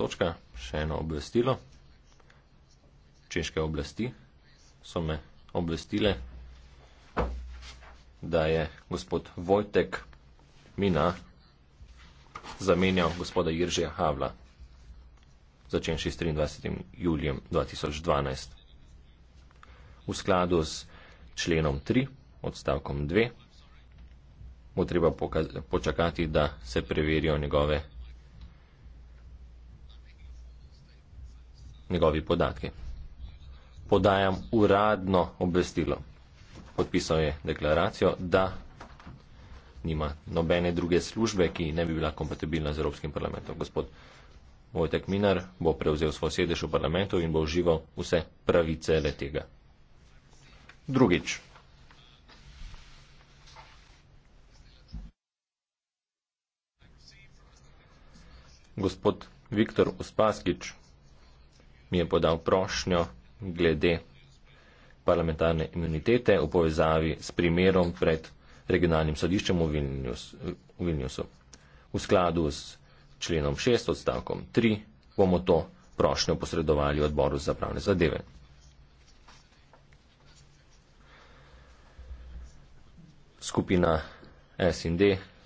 točka, še eno obvestilo. Češke oblasti so me obvestile, da je gospod Vojtek Mina zamenjal gospoda Jiržija Havla, začenši s 23. julijem 2012. V skladu s členom 3, odstavkom 2, bo treba počakati, da se preverijo njegove njegovi podatki. Podajam uradno obvestilo. Podpisal je deklaracijo, da nima nobene druge službe, ki ne bi bila kompatibilna z Evropskim parlamentom. Gospod Vojtek Minar bo prevzel svoj sedež v parlamentu in bo užival vse pravice le tega. Drugič. Gospod Viktor Uspaskič mi je podal prošnjo glede parlamentarne imunitete v povezavi s primerom pred regionalnim sodiščem v, Vilnius, v Vilniusu. V skladu s členom 6 odstavkom 3 bomo to prošnjo posredovali odboru za pravne zadeve. Skupina SND